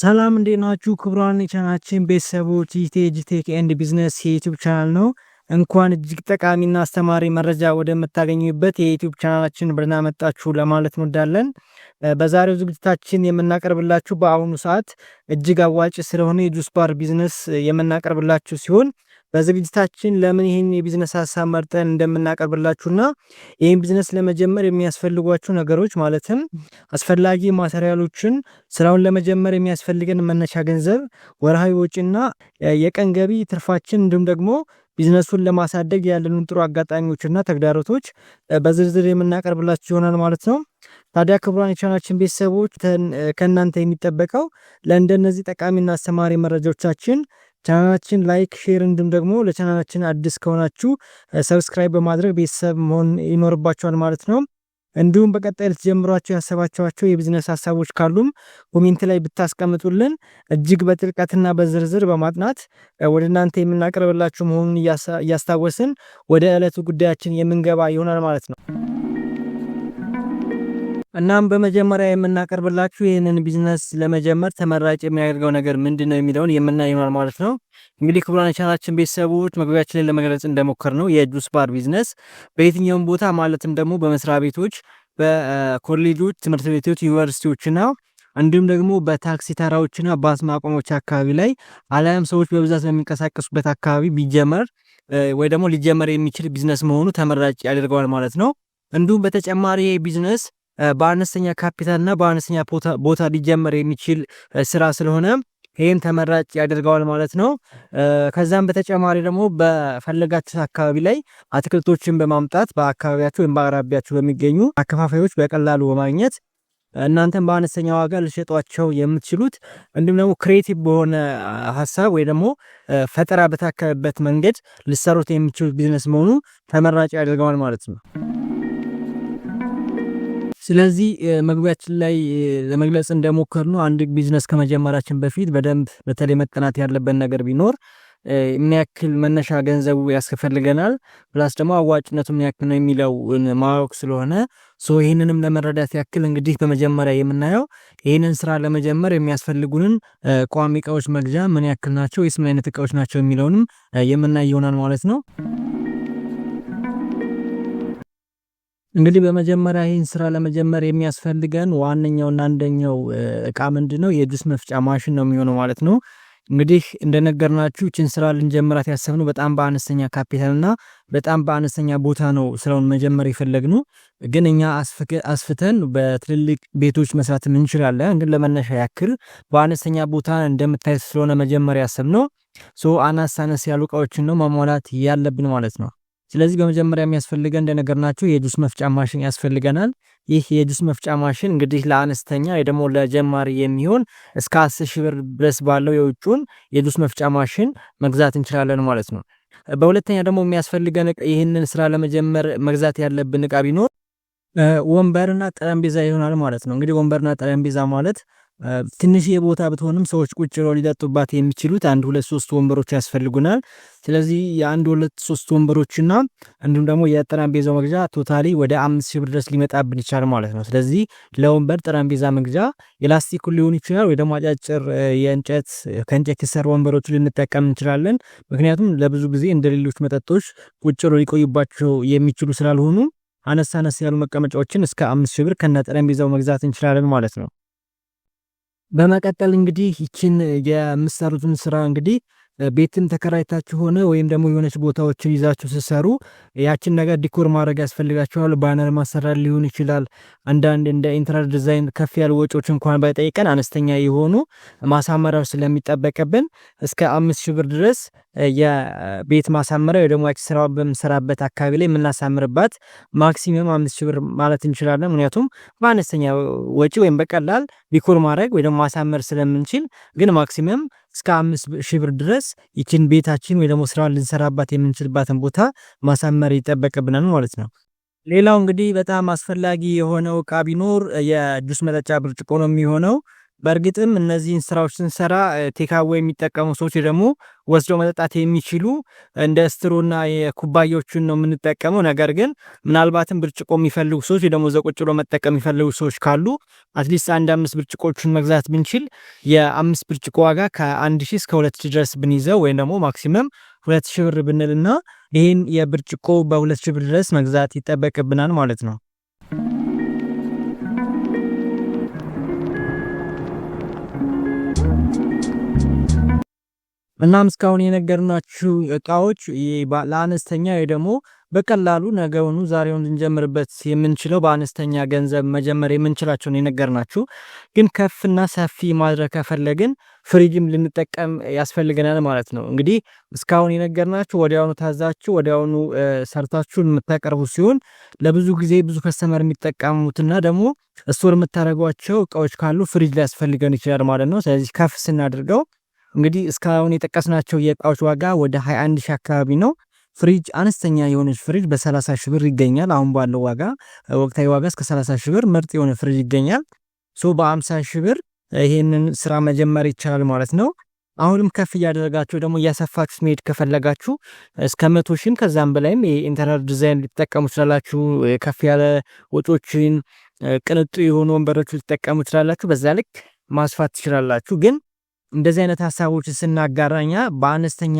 ሰላም እንዴት ናችሁ? ክብሯን የቻናችን ቤተሰቦች ቴጅ ቴክ ኤንድ ቢዝነስ የዩቱብ ቻናል ነው። እንኳን እጅግ ጠቃሚና አስተማሪ መረጃ ወደምታገኙበት የዩቱብ ቻናላችን ብርና መጣችሁ ለማለት እንወዳለን። በዛሬው ዝግጅታችን የምናቀርብላችሁ በአሁኑ ሰዓት እጅግ አዋጭ ስለሆነ የጁስ ባር ቢዝነስ የምናቀርብላችሁ ሲሆን በዝግጅታችን ለምን ይህን የቢዝነስ ሀሳብ መርጠን እንደምናቀርብላችሁና ይህን ቢዝነስ ለመጀመር የሚያስፈልጓችሁ ነገሮች ማለትም አስፈላጊ ማቴሪያሎችን፣ ስራውን ለመጀመር የሚያስፈልገን መነሻ ገንዘብ፣ ወርሃዊ ወጪና የቀን ገቢ፣ ትርፋችን እንዲሁም ደግሞ ቢዝነሱን ለማሳደግ ያለንን ጥሩ አጋጣሚዎችና ተግዳሮቶች በዝርዝር የምናቀርብላችሁ ይሆናል ማለት ነው። ታዲያ ክቡራን የቻናችን ቤተሰቦች ከእናንተ የሚጠበቀው ለእንደነዚህ ጠቃሚና አስተማሪ መረጃዎቻችን ቻናላችን ላይክ፣ ሼር እንዲሁም ደግሞ ለቻናላችን አዲስ ከሆናችሁ ሰብስክራይብ በማድረግ ቤተሰብ መሆን ይኖርባችኋል ማለት ነው። እንዲሁም በቀጣይ ልትጀምሯቸው ያሰባችኋቸው የቢዝነስ ሀሳቦች ካሉም ኮሜንት ላይ ብታስቀምጡልን እጅግ በጥልቀትና በዝርዝር በማጥናት ወደ እናንተ የምናቀርብላችሁ መሆኑን እያስታወስን ወደ ዕለቱ ጉዳያችን የምንገባ ይሆናል ማለት ነው። እናም በመጀመሪያ የምናቀርብላችሁ ይህንን ቢዝነስ ለመጀመር ተመራጭ የሚያደርገው ነገር ምንድን ነው የሚለውን የምናይ ይሆናል ማለት ነው። እንግዲህ ክቡራን የቻናላችን ቤተሰቦች መግቢያችን ላይ ለመግለጽ እንደሞከር ነው የጁስ ባር ቢዝነስ በየትኛውም ቦታ ማለትም ደግሞ በመስሪያ ቤቶች፣ በኮሌጆች፣ ትምህርት ቤቶች፣ ዩኒቨርሲቲዎችና እንዲሁም ደግሞ በታክሲ ተራዎችና ባስ ማቆሞች አካባቢ ላይ አላያም ሰዎች በብዛት በሚንቀሳቀሱበት አካባቢ ቢጀመር ወይ ደግሞ ሊጀመር የሚችል ቢዝነስ መሆኑ ተመራጭ ያደርገዋል ማለት ነው። እንዲሁም በተጨማሪ ይህ ቢዝነስ በአነስተኛ ካፒታል ና በአነስተኛ ቦታ ሊጀመር የሚችል ስራ ስለሆነ ይህም ተመራጭ ያደርገዋል ማለት ነው። ከዛም በተጨማሪ ደግሞ በፈለጋችሁ አካባቢ ላይ አትክልቶችን በማምጣት በአካባቢያችሁ ወይም በአቅራቢያችሁ በሚገኙ አከፋፋዮች በቀላሉ በማግኘት እናንተም በአነስተኛ ዋጋ ልሸጧቸው የምትችሉት እንዲሁም ደግሞ ክሬቲቭ በሆነ ሀሳብ ወይ ደግሞ ፈጠራ በታከበበት መንገድ ልሰሩት የምችሉት ቢዝነስ መሆኑ ተመራጭ ያደርገዋል ማለት ነው። ስለዚህ መግቢያችን ላይ ለመግለጽ እንደሞከር ነው አንድ ቢዝነስ ከመጀመራችን በፊት በደንብ በተለይ መጠናት ያለበት ነገር ቢኖር ምን ያክል መነሻ ገንዘቡ ያስፈልገናል፣ ፕላስ ደግሞ አዋጭነቱ ምን ያክል ነው የሚለው ማወቅ ስለሆነ ሶ ይህንንም ለመረዳት ያክል እንግዲህ በመጀመሪያ የምናየው ይህንን ስራ ለመጀመር የሚያስፈልጉንን ቋሚ እቃዎች መግዣ ምን ያክል ናቸው ወይስ ምን አይነት እቃዎች ናቸው የሚለውንም የምናይ ይሆናል ማለት ነው። እንግዲህ በመጀመሪያ ይህን ስራ ለመጀመር የሚያስፈልገን ዋነኛውና አንደኛው እቃ ምንድን ነው? የጁስ መፍጫ ማሽን ነው የሚሆነው ማለት ነው። እንግዲህ እንደነገርናችሁ ይህችን ስራ ልንጀምራት ያሰብነው በጣም በአነስተኛ ካፒታልና በጣም በአነስተኛ ቦታ ነው ስራውን መጀመር የፈለግነው። ግን እኛ አስፍተን በትልልቅ ቤቶች መስራት እንችላለን። ግን ለመነሻ ያክል በአነስተኛ ቦታ እንደምታይ ስለሆነ መጀመር ያሰብነው አናስ አነስ ያሉ እቃዎችን ነው መሟላት ያለብን ማለት ነው። ስለዚህ በመጀመሪያ የሚያስፈልገን እንደነገርናችሁ የጁስ መፍጫ ማሽን ያስፈልገናል። ይህ የጁስ መፍጫ ማሽን እንግዲህ ለአነስተኛ ደግሞ ለጀማሪ የሚሆን እስከ አስር ሺህ ብር ድረስ ባለው የውጭውን የጁስ መፍጫ ማሽን መግዛት እንችላለን ማለት ነው። በሁለተኛ ደግሞ የሚያስፈልገን ይህንን ስራ ለመጀመር መግዛት ያለብን እቃ ቢኖር ወንበርና ጠረጴዛ ይሆናል ማለት ነው። እንግዲህ ወንበርና ጠረጴዛ ማለት ትንሽዬ ቦታ ብትሆንም ሰዎች ቁጭ ብለው ሊጠጡባት የሚችሉት አንድ ሁለት ሶስት ወንበሮች ያስፈልጉናል። ስለዚህ የአንድ ሁለት ሶስት ወንበሮችና እንዲሁም ደግሞ የጠረጴዛው መግዣ ቶታሊ ወደ አምስት ሺህ ብር ድረስ ሊመጣብን ይችላል ማለት ነው። ስለዚህ ለወንበር ጠረጴዛ መግዣ የላስቲኩ ሊሆን ይችላል ወይ ደግሞ አጫጭር የእንጨት ከእንጨት የሰሩ ወንበሮች ልንጠቀም እንችላለን። ምክንያቱም ለብዙ ጊዜ እንደ ሌሎች መጠጦች ቁጭ ብለው ሊቆዩባቸው የሚችሉ ስላልሆኑ አነስ አነስ ያሉ መቀመጫዎችን እስከ አምስት ሺህ ብር ከነ ጠረጴዛው መግዛት እንችላለን ማለት ነው። በመቀጠል እንግዲህ ይችን የምሰሩትን ስራ እንግዲህ ቤትን ተከራይታችሁ ሆነ ወይም ደግሞ የሆነች ቦታዎችን ይዛችሁ ስትሰሩ ያችን ነገር ዲኮር ማድረግ ያስፈልጋችኋል። ባነር ማሰራት ሊሆን ይችላል። አንዳንድ እንደ ኢንተሪየር ዲዛይን ከፍ ያሉ ወጪዎች እንኳን ባይጠይቀን አነስተኛ የሆኑ ማሳመሪያዎች ስለሚጠበቅብን እስከ አምስት ሺህ ብር ድረስ የቤት ማሳመሪያ ወይ ደግሞ ያች ስራ በምንሰራበት አካባቢ ላይ የምናሳምርባት ማክሲመም አምስት ሺህ ብር ማለት እንችላለን። ምክንያቱም በአነስተኛ ወጪ ወይም በቀላል ዲኮር ማድረግ ወይ ደግሞ ማሳመር ስለምንችል ግን ማክሲመም እስከ አምስት ሺ ብር ድረስ ይችን ቤታችን ወይ ደግሞ ስራዋን ልንሰራባት የምንችልባትን ቦታ ማሳመር ይጠበቅብናል ማለት ነው። ሌላው እንግዲህ በጣም አስፈላጊ የሆነው እቃ ቢኖር የጁስ መጠጫ ብርጭቆ ነው የሚሆነው። በእርግጥም እነዚህን ስራዎች ስንሰራ ቴካዌ የሚጠቀሙ ሰዎች ደግሞ ወስዶ መጠጣት የሚችሉ እንደ ስትሮና የኩባያዎቹን ነው የምንጠቀመው። ነገር ግን ምናልባትም ብርጭቆ የሚፈልጉ ሰዎች ደግሞ እዛ ብሎ መጠቀም የሚፈልጉ ሰዎች ካሉ አትሊስት አንድ አምስት ብርጭቆቹን መግዛት ብንችል የአምስት ብርጭቆ ዋጋ ከአንድ ሺህ እስከ ሁለት ሺ ድረስ ብንይዘው ወይም ደግሞ ማክሲመም ሁለት ሺ ብር ብንልና ይህን የብርጭቆ በሁለት ሺ ብር ድረስ መግዛት ይጠበቅብናል ማለት ነው። እናም እስካሁን የነገርናችሁ እቃዎች ለአነስተኛ ወይ ደግሞ በቀላሉ ነገውኑ ዛሬውን ልንጀምርበት የምንችለው በአነስተኛ ገንዘብ መጀመር የምንችላቸውን የነገርናችሁ፣ ግን ከፍና ሰፊ ማድረግ ከፈለግን ፍሪጅም ልንጠቀም ያስፈልገናል ማለት ነው። እንግዲህ እስካሁን የነገርናችሁ ወዲያውኑ ታዛችሁ ወዲያውኑ ሰርታችሁን የምታቀርቡ ሲሆን ለብዙ ጊዜ ብዙ ከስተመር የሚጠቀሙትና ደግሞ እሱር የምታደረጓቸው እቃዎች ካሉ ፍሪጅ ሊያስፈልገን ይችላል ማለት ነው። ስለዚህ ከፍ ስናደርገው እንግዲህ እስካሁን የጠቀስናቸው የእቃዎች ዋጋ ወደ 21 ሺ አካባቢ ነው። ፍሪጅ አነስተኛ የሆነች ፍሪጅ በ30 ሺህ ብር ይገኛል። አሁን ባለው ዋጋ ወቅታዊ ዋጋ እስከ 30 ሺ ብር ምርጥ የሆነ ፍሪጅ ይገኛል። ሶ በ50 ሺህ ብር ይሄንን ስራ መጀመር ይቻላል ማለት ነው። አሁንም ከፍ እያደረጋችሁ ደግሞ እያሰፋችሁ መሄድ ከፈለጋችሁ እስከ መቶ ሺም ከዛም በላይም የኢንተርነት ዲዛይን ሊጠቀሙ ይችላላችሁ። ከፍ ያለ ወጮችን ቅንጡ የሆኑ ወንበሮች ሊጠቀሙ ይችላላችሁ በዛ ልክ ማስፋት ትችላላችሁ ግን እንደዚህ አይነት ሀሳቦች ስናጋራኛ በአነስተኛ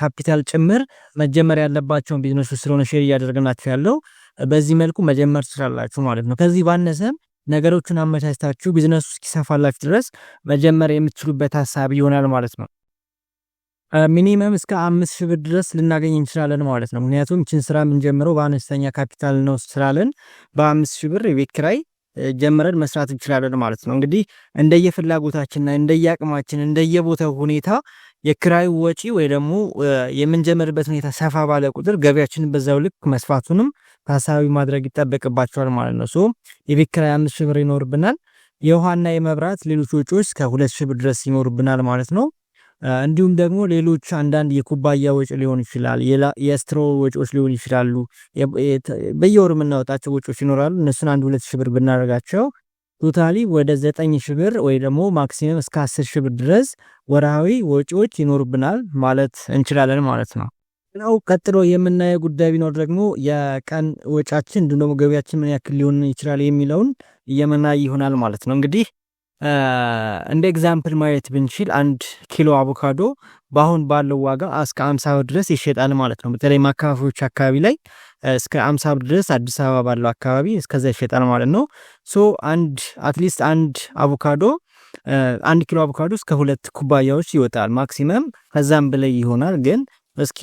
ካፒታል ጭምር መጀመር ያለባቸውን ቢዝነሱ ስለሆነ ሼር እያደረግናቸው ያለው በዚህ መልኩ መጀመር ትችላላችሁ ማለት ነው። ከዚህ ባነሰ ነገሮቹን አመቻችታችሁ ቢዝነሱ እስኪሰፋላችሁ ድረስ መጀመር የምትችሉበት ሀሳብ ይሆናል ማለት ነው። ሚኒመም እስከ አምስት ሺህ ብር ድረስ ልናገኝ እንችላለን ማለት ነው። ምክንያቱም ይችን ስራ የምንጀምረው በአነስተኛ ካፒታል ነው ስላለን በአምስት ሺህ ብር የቤት ኪራይ ጀምረን መስራት እንችላለን ማለት ነው። እንግዲህ እንደየፍላጎታችንና እንደየአቅማችን እንደየቦታው ሁኔታ የክራዩ ወጪ ወይ ደግሞ የምንጀምርበት ሁኔታ ሰፋ ባለ ቁጥር ገቢያችንን በዛው ልክ መስፋቱንም ታሳቢ ማድረግ ይጠበቅባቸዋል ማለት ነው። የቤት ክራይ አምስት ሺህ ብር ይኖርብናል። የውሃና የመብራት ሌሎች ወጪዎች እስከ ሁለት ሺህ ብር ድረስ ይኖርብናል ማለት ነው። እንዲሁም ደግሞ ሌሎች አንዳንድ የኩባያ ወጪ ሊሆን ይችላል፣ የስትሮ ወጪዎች ሊሆን ይችላሉ። በየወር የምናወጣቸው ወጪዎች ይኖራሉ። እነሱን አንድ ሁለት ሺህ ብር ብናደርጋቸው ቶታሊ ወደ ዘጠኝ ሺህ ብር ወይ ደግሞ ማክሲመም እስከ አስር ሺህ ብር ድረስ ወርሃዊ ወጪዎች ይኖርብናል ማለት እንችላለን ማለት ነው። ነው ቀጥሎ የምናየው ጉዳይ ቢኖር ደግሞ የቀን ወጫችን እንዲሁም ደግሞ ገቢያችን ምን ያክል ሊሆን ይችላል የሚለውን የምናይ ይሆናል ማለት ነው እንግዲህ እንደ ኤግዛምፕል ማየት ብንችል አንድ ኪሎ አቮካዶ በአሁን ባለው ዋጋ እስከ አምሳ ብር ድረስ ይሸጣል ማለት ነው። በተለይ ማከፋፈያዎች አካባቢ ላይ እስከ አምሳ ብር ድረስ አዲስ አበባ ባለው አካባቢ እስከዛ ይሸጣል ማለት ነው። ሶ አንድ አትሊስት አንድ አቮካዶ አንድ ኪሎ አቮካዶ እስከ ሁለት ኩባያዎች ይወጣል ማክሲመም፣ ከዛም በላይ ይሆናል። ግን እስኪ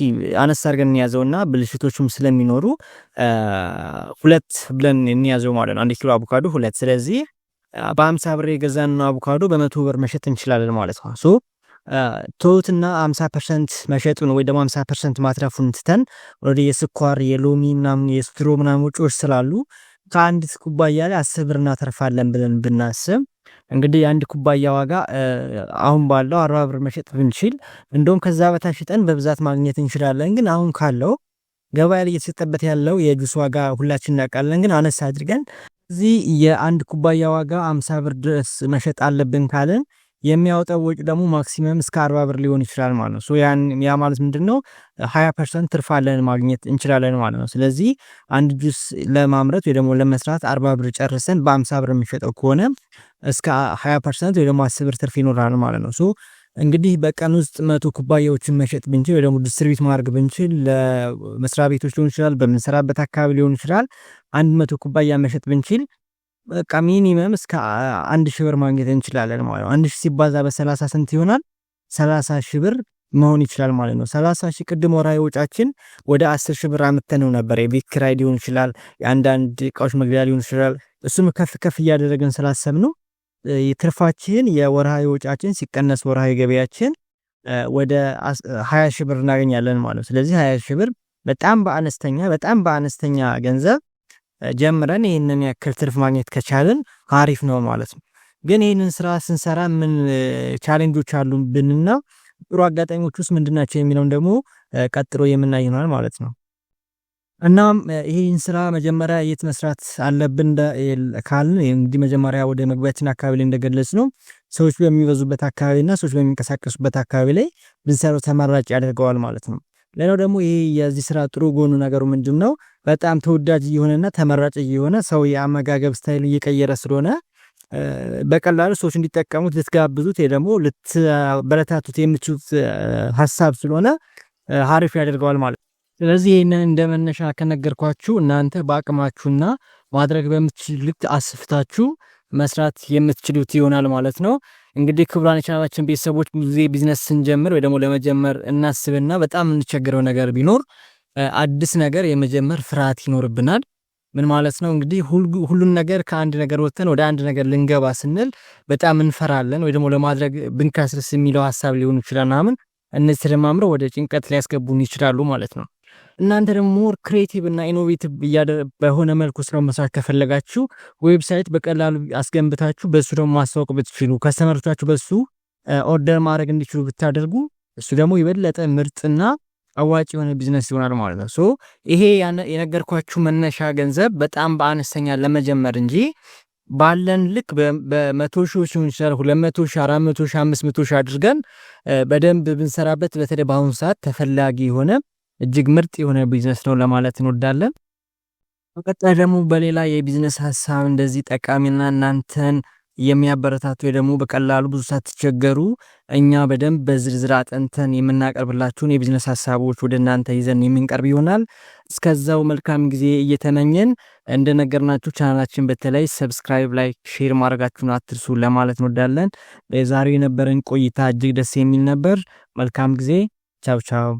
አነስ አድርገን እንያዘውና ብልሽቶቹም ስለሚኖሩ ሁለት ብለን እንያዘው ማለት ነው። አንድ ኪሎ አቮካዶ ሁለት ስለዚህ በአምሳ ብር የገዛነው አቮካዶ በመቶ ብር መሸጥ እንችላለን ማለት ነው። ሶ ትሁትና አምሳ ፐርሰንት መሸጡን ወይ ደግሞ አምሳ ፐርሰንት ማትረፉን ትተን ወደ የስኳር የሎሚ ምናምን የስትሮ ምናምን ውጪዎች ስላሉ ከአንድ ኩባያ ላይ አስር ብር እናተርፋለን ብለን ብናስብ እንግዲህ የአንድ ኩባያ ዋጋ አሁን ባለው አርባ ብር መሸጥ ብንችል እንደውም ከዛ በታች ሽጠን በብዛት ማግኘት እንችላለን። ግን አሁን ካለው ገበያ ላይ እየተሰጠበት ያለው የጁስ ዋጋ ሁላችን እናውቃለን። ግን አነስ አድርገን እዚህ የአንድ ኩባያ ዋጋ 50 ብር ድረስ መሸጥ አለብን ካለን የሚያወጣው ወጪ ደግሞ ማክሲመም እስከ 40 ብር ሊሆን ይችላል ማለት ነው። ያን ያ ማለት ምንድን ነው? 20 ፐርሰንት ትርፋለን ማግኘት እንችላለን ማለት ነው። ስለዚህ አንድ ጁስ ለማምረት ወይ ደግሞ ለመስራት 40 ብር ጨርሰን በ50 ብር የሚሸጠው ከሆነ እስከ 20 ፐርሰንት ወይ ደግሞ 10 ብር ትርፍ ይኖራል ማለት ነው። እንግዲህ በቀን ውስጥ መቶ ኩባያዎችን መሸጥ ብንችል ወይ ደግሞ ዲስትሪቢዩት ማድረግ ብንችል ለመስሪያ ቤቶች ሊሆን ይችላል፣ በምንሰራበት አካባቢ ሊሆን ይችላል። አንድ መቶ ኩባያ መሸጥ ብንችል በቃ ሚኒመም እስከ አንድ ሺህ ብር ማግኘት እንችላለን ማለት ነው። አንድ ሺህ ሲባዛ በሰላሳ ስንት ይሆናል? ሰላሳ ሺህ ብር መሆን ይችላል ማለት ነው። ሰላሳ ሺህ ቅድም ወራዊ ወጫችን ወደ አስር ሺህ ብር አምተነው ነበር። የቤት ኪራይ ሊሆን ይችላል፣ የአንዳንድ እቃዎች መግቢያ ሊሆን ይችላል። እሱም ከፍ ከፍ እያደረግን ስላሰብ ነው ትርፋችን የወርሃዊ ወጫችን ሲቀነስ ወርሃዊ ገበያችን ወደ ሀያ ሺህ ብር እናገኛለን ማለት ነው። ስለዚህ ሀያ ሺህ ብር በጣም በአነስተኛ በጣም በአነስተኛ ገንዘብ ጀምረን ይህንን ያክል ትርፍ ማግኘት ከቻልን አሪፍ ነው ማለት ነው። ግን ይህንን ስራ ስንሰራ ምን ቻሌንጆች አሉ ብንና ጥሩ አጋጣሚዎች ውስጥ ምንድናቸው የሚለውን ደግሞ ቀጥሎ የምናይ ይሆናል ማለት ነው። እናም ይህን ስራ መጀመሪያ የት መስራት አለብን ካልን እንግዲህ መጀመሪያ ወደ መግቢያችን አካባቢ ላይ እንደገለጽ ነው ሰዎች በሚበዙበት አካባቢ እና ሰዎች በሚንቀሳቀሱበት አካባቢ ላይ ብንሰራው ተመራጭ ያደርገዋል ማለት ነው። ሌላው ደግሞ ይሄ የዚህ ስራ ጥሩ ጎኑ ነገሩ ምንድን ነው? በጣም ተወዳጅ እየሆነና ተመራጭ እየሆነ ሰው የአመጋገብ ስታይል እየቀየረ ስለሆነ በቀላሉ ሰዎች እንዲጠቀሙት ልትጋብዙት ደግሞ ልትበረታቱት የምችሉት ሀሳብ ስለሆነ ሀሪፍ ያደርገዋል ማለት ነው። ስለዚህ ይህንን እንደ መነሻ ከነገርኳችሁ እናንተ በአቅማችሁና ማድረግ በምትችሉት አስፍታችሁ መስራት የምትችሉት ይሆናል ማለት ነው። እንግዲህ ክቡራን የቻናላችን ቤተሰቦች ብዙ ጊዜ ቢዝነስ ስንጀምር ወይ ደግሞ ለመጀመር እናስብና በጣም የምንቸገረው ነገር ቢኖር አዲስ ነገር የመጀመር ፍርሃት ይኖርብናል። ምን ማለት ነው? እንግዲህ ሁሉን ነገር ከአንድ ነገር ወጥተን ወደ አንድ ነገር ልንገባ ስንል በጣም እንፈራለን፣ ወይ ደግሞ ለማድረግ ብንካስርስ የሚለው ሀሳብ ሊሆን ይችላል ምናምን። እነዚህ ተደማምረው ወደ ጭንቀት ሊያስገቡን ይችላሉ ማለት ነው። እናንተ ደግሞ ሞር ክሬቲቭ እና ኢኖቬቲቭ በሆነ መልኩ ስራው መስራት ከፈለጋችሁ ዌብሳይት በቀላሉ አስገንብታችሁ በሱ ደግሞ ማስታወቅ ብትችሉ ከስተመርቻችሁ በሱ ኦርደር ማድረግ እንዲችሉ ብታደርጉ እሱ ደግሞ የበለጠ ምርጥና አዋጭ የሆነ ቢዝነስ ይሆናል ማለት ነው። ሶ ይሄ የነገርኳችሁ መነሻ ገንዘብ በጣም በአነስተኛ ለመጀመር እንጂ ባለን ልክ በመቶ ሺዎች ሊሆን ይችላል ሁለት መቶ ሺ አራት መቶ ሺ አምስት መቶ ሺ አድርገን በደንብ ብንሰራበት በተለይ በአሁኑ ሰዓት ተፈላጊ የሆነ እጅግ ምርጥ የሆነ ቢዝነስ ነው ለማለት እንወዳለን። በቀጣይ ደግሞ በሌላ የቢዝነስ ሀሳብ እንደዚህ ጠቃሚና እናንተን የሚያበረታቱ ደግሞ በቀላሉ ብዙ ሳትቸገሩ እኛ በደንብ በዝርዝር አጠንተን የምናቀርብላችሁን የቢዝነስ ሀሳቦች ወደ እናንተ ይዘን የምንቀርብ ይሆናል። እስከዛው መልካም ጊዜ እየተመኘን እንደነገርናችሁ ቻናላችን በተለይ ሰብስክራይብ፣ ላይክ፣ ሼር ማድረጋችሁን አትርሱ ለማለት እንወዳለን። ለዛሬው የነበረን ቆይታ እጅግ ደስ የሚል ነበር። መልካም ጊዜ። ቻው ቻው።